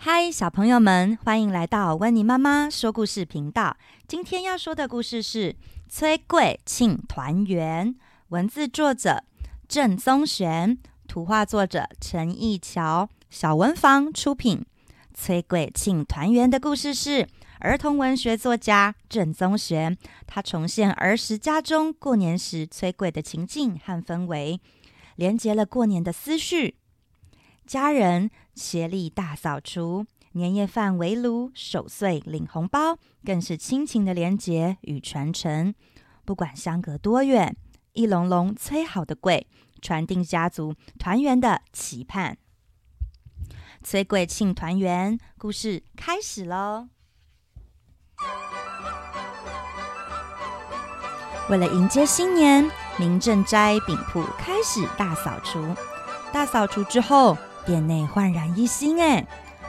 嗨，Hi, 小朋友們，歡迎來到溫妮媽媽說故事頻道。今天要說的故事是《炊粿慶團圓》，文字作者鄭宗弦，圖畫作者陳奕喬，小文房出品。《炊粿慶團圓》的故事是兒童文學作家鄭宗弦，他重現兒時家中過年時炊粿的情境和氛圍，連接了過年的思緒，家人。協力大掃除，年夜飯圍爐守歲，領紅包，更是親情的連結與傳承。不管相隔多遠，一籠籠炊好的粿，傳遞家族團圓的期盼。炊粿慶團圓，故事開始嘍！為了迎接新年，明正齋餅鋪開始大掃除。大掃除之後。店內煥然一新誒，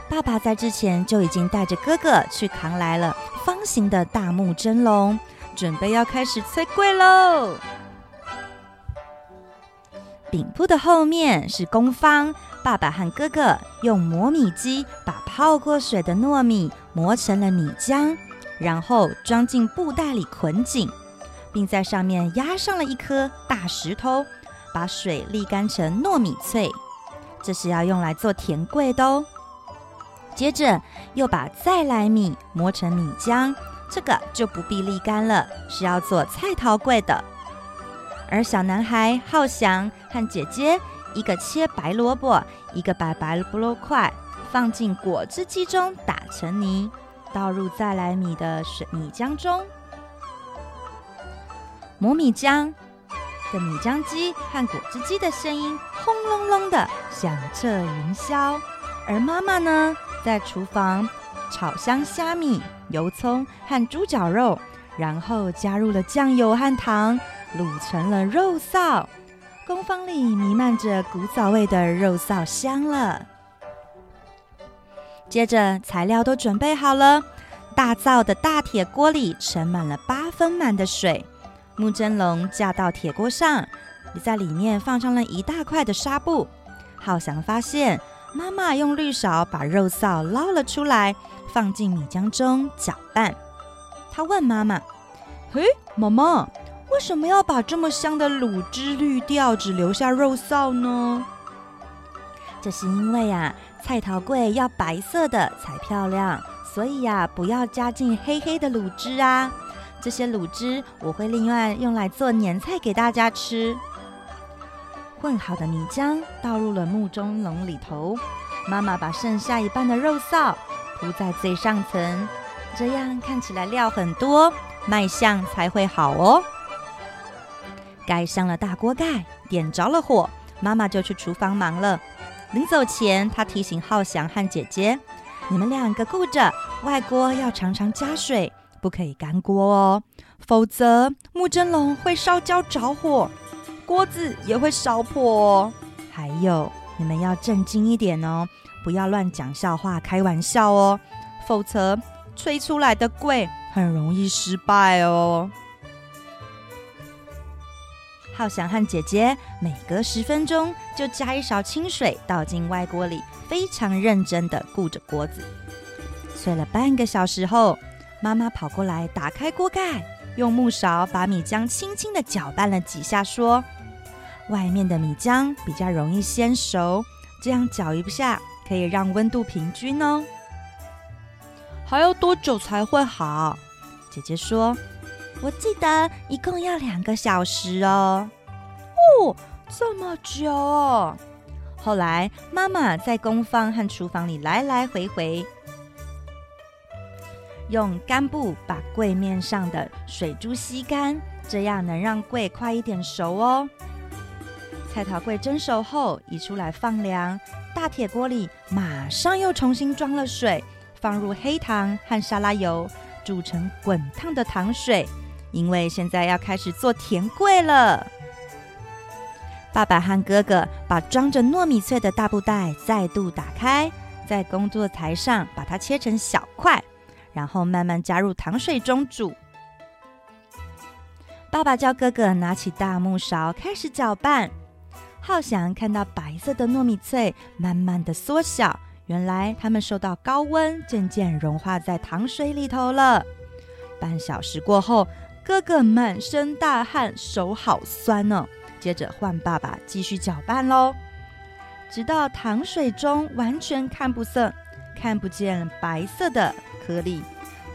爸爸在之前就已經帶着哥哥去扛來了方形的大木蒸籠，準備要開始炊粿嘍。餅鋪的後面是工坊，爸爸和哥哥用磨米機把泡過水的糯米磨成了米漿，然後裝進布袋裡捆緊，並在上面壓上了一顆大石頭，把水瀝乾成糯米粞。這是要用來做甜粿的哦。接着又把再來米磨成米漿，這個就不必瀝乾了，是要做菜頭粿的。而小男孩浩翔和姐姐，一個切白蘿蔔，一個把白，白蘿蔔塊放進果汁機中打成泥，倒入再來米的水米漿中磨米漿。的米漿機和果汁機的聲音轟隆隆的響徹雲霄，而媽媽呢，在廚房炒香蝦米、油蔥和豬絞肉，然後加入了醬油和糖，滷成了肉臊。工坊裡瀰漫着古早味的肉臊香了。接着，材料都準備好了，大灶的大鐵鍋裡盛滿了八分滿的水。木蒸籠架到鐵鍋上，你在裡面放上了一大塊的紗佈。浩翔發現媽媽用濾勺把肉臊撈了出來，放進米漿中攪拌。他問媽媽：“嘿，媽媽，為什麼要把這麼香的滷汁濾掉，只留下肉臊呢？”這是因為呀、啊，菜頭粿要白色的才漂亮，所以呀、啊，不要加進黑黑的滷汁啊。這些滷汁我會另外用來做年菜給大家吃。混好的泥漿倒入了木蒸籠裡頭，媽媽把剩下一半的肉臊鋪在最上層，這樣看起來料很多，賣相才會好哦。蓋上了大鍋蓋，點着了火，媽媽就去廚房忙了。臨走前，她提醒浩翔和姐姐：“你們兩個顧着外鍋，要常常加水。”不可以乾鍋哦，否則木蒸籠會燒焦着火，鍋子也會燒破哦。還有，你們要正經一點哦，不要亂講笑話、開玩笑哦，否則炊出來的粿很容易失敗哦。浩翔和姐姐每隔十分鐘就加一勺清水倒進外鍋裡，非常認真的顧着鍋子。炊了半個小時後。媽媽跑過來，打開鍋蓋，用木勺把米漿輕輕的攪拌了幾下，說：“外面的米漿比較容易先熟，這樣攪一下可以讓溫度平均哦。”還要多久才會好？姐姐說：“我記得一共要兩個小時哦。”哦，這麼久！後來媽媽在工房和廚房裡來來回回。用乾布把粿面上的水珠吸乾，這樣能讓粿快一點熟哦。菜頭粿蒸熟後，移出來放涼。大鐵鍋裡馬上又重新裝了水，放入黑糖和沙拉油，煮成滾燙的糖水。因為現在要開始做甜粿了。爸爸和哥哥把裝着糯米脆的大布袋再度打開，在工作台上把它切成小塊。然後慢慢加入糖水中煮。爸爸叫哥哥拿起大木勺開始攪拌。浩翔看到白色的糯米脆慢慢的縮小，原來他們受到高溫漸漸融化在糖水裡頭了。半小時過後，哥哥滿身大汗，手好酸呢、哦。接着換爸爸繼續攪拌嘍，直到糖水中完全看不色，看不見白色的。合力，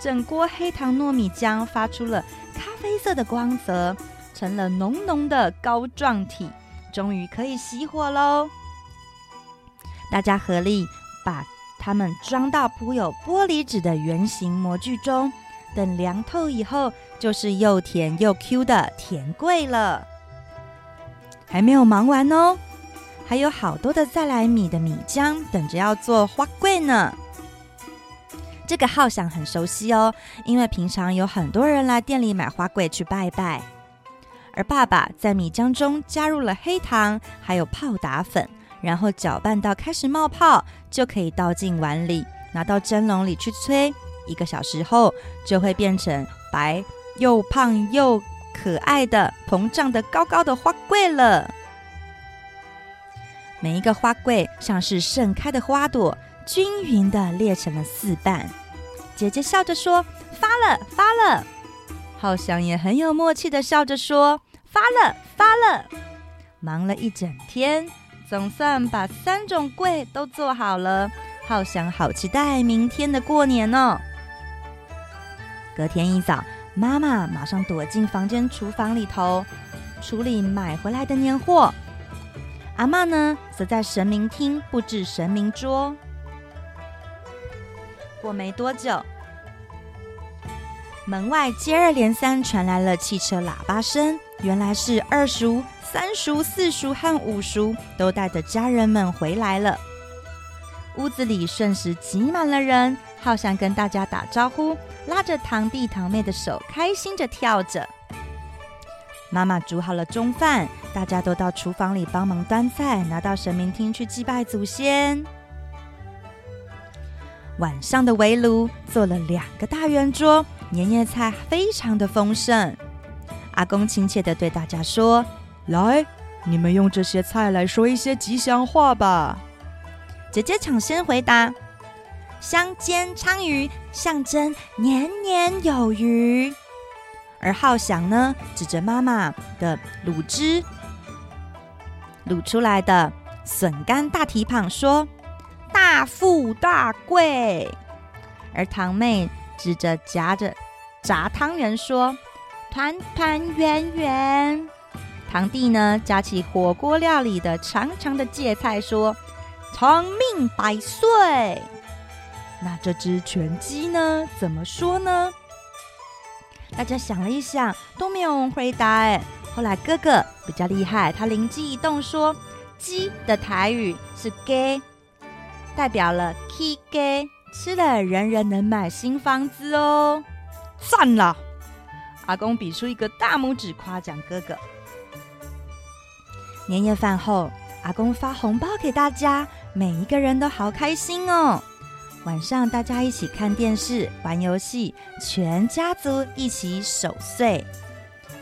整鍋黑糖糯米漿發出了咖啡色的光澤，成了濃濃的膏狀體，終於可以熄火嘍！大家合力把它們裝到鋪有玻璃紙的圓形模具中，等涼透以後，就是又甜又 Q 的甜粿了。還沒有忙完哦，還有好多的再來米的米漿等着要做花粿呢。這個好像很熟悉哦，因為平常有很多人來店裡買發粿去拜拜。而爸爸在米漿中加入了黑糖，還有泡打粉，然後攪拌到開始冒泡，就可以倒進碗裡，拿到蒸籠裡去炊。一個小時後，就會變成白又胖又可愛的膨脹的高高的發粿了。每一個發粿像是盛開的花朵，均勻的列成了四瓣，姐姐笑着說：“發了，發了。”浩翔也很有默契的笑着說：“發了，發了。”忙了一整天，總算把三種粿都做好了。浩翔好期待明天的過年哦。隔天一早，媽媽馬上躲進房間廚房裡頭，處理買回來的年貨。阿嬤呢，則在神明廳布置神明桌。過沒多久，門外接二連三傳來了汽車喇叭聲。原來是二叔、三叔、四叔和五叔都帶着家人們回來了。屋子裡瞬時擠滿了人，浩翔跟大家打招呼，拉着堂弟堂妹的手，開心着跳着。媽媽煮好了中飯，大家都到廚房裡幫忙端菜，拿到神明廳去祭拜祖先。晚上的圍爐做了兩個大圓桌，年夜菜非常的豐盛。阿公親切的對大家說：“來，你們用這些菜來說一些吉祥話吧。”姐姐搶先回答：“香煎鯧魚象徵年年有餘。”而浩翔呢，指着媽媽的滷汁滷出來的筍乾大蹄膀說。大富大貴，而堂妹指着夾着炸湯圓說：“團團圓圓。”堂弟呢夾起火鍋料裡的長長的芥菜說：“長命百歲。”那這只全雞呢？怎麼說呢？大家想了一想都沒有人回答。哎，後來哥哥比較厲害，他靈機一動說：“雞的台語是 gay。”代表了 k i g 吃了，人人能買新房子哦！贊了，阿公比出一個大拇指，誇獎哥哥。年夜飯後，阿公發紅包給大家，每一個人都好開心哦。晚上大家一起看電視、玩遊戲，全家族一起守歲，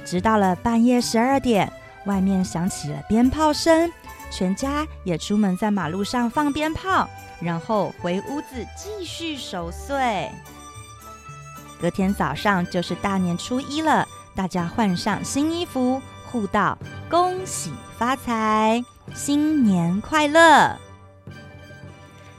直到了半夜十二點，外面響起了鞭炮聲。全家也出門在馬路上放鞭炮，然後回屋子繼續守歲。隔天早上就是大年初一了，大家換上新衣服，互道“恭喜發財，新年快樂”。